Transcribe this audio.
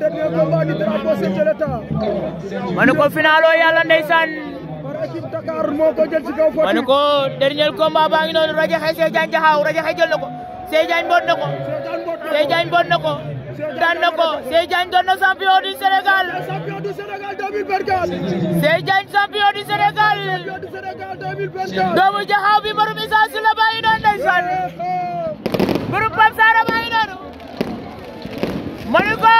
dernier combat du drapeau chef de l'État. ma ne ko finaloo yàlla ndeysaan. par équipe Dakar moo ko jël ci kaw Fatick. ma ne ko dernier combat baa ngi noonu Radiakhé Cheikh Diagne Radiakhé jël na ko. Cheikh Diagne boot na ko. Cheikh Diagne boot na ko. daan na ko Cheikh Diagne doon na champion du Sénégal. champion du Sénégal 2024. Cheikh Diagne champion du Sénégal. champion du Sénégal 2024. doomu jaxaaw bi mbarum Issa Sy la baa ngi noonu ndeysaan. mbarum eh, eh. Pape Sarr baa ngi noonu. ma ne ko.